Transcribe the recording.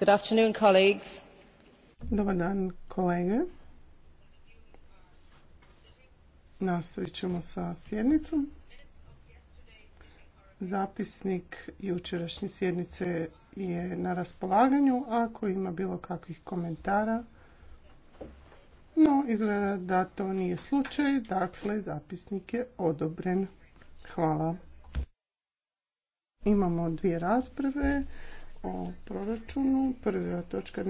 Good afternoon, colleagues. Dobar dan, kolege. Nastavit ćemo sa sjednicom. Zapisnik jučerašnje sjednice je na raspolaganju. Ako ima bilo kakvih komentara, no izgleda da to nije slučaj. Dakle, zapisnik je odobren. Hvala. Imamo dvije rasprave o proračunu. Prva točka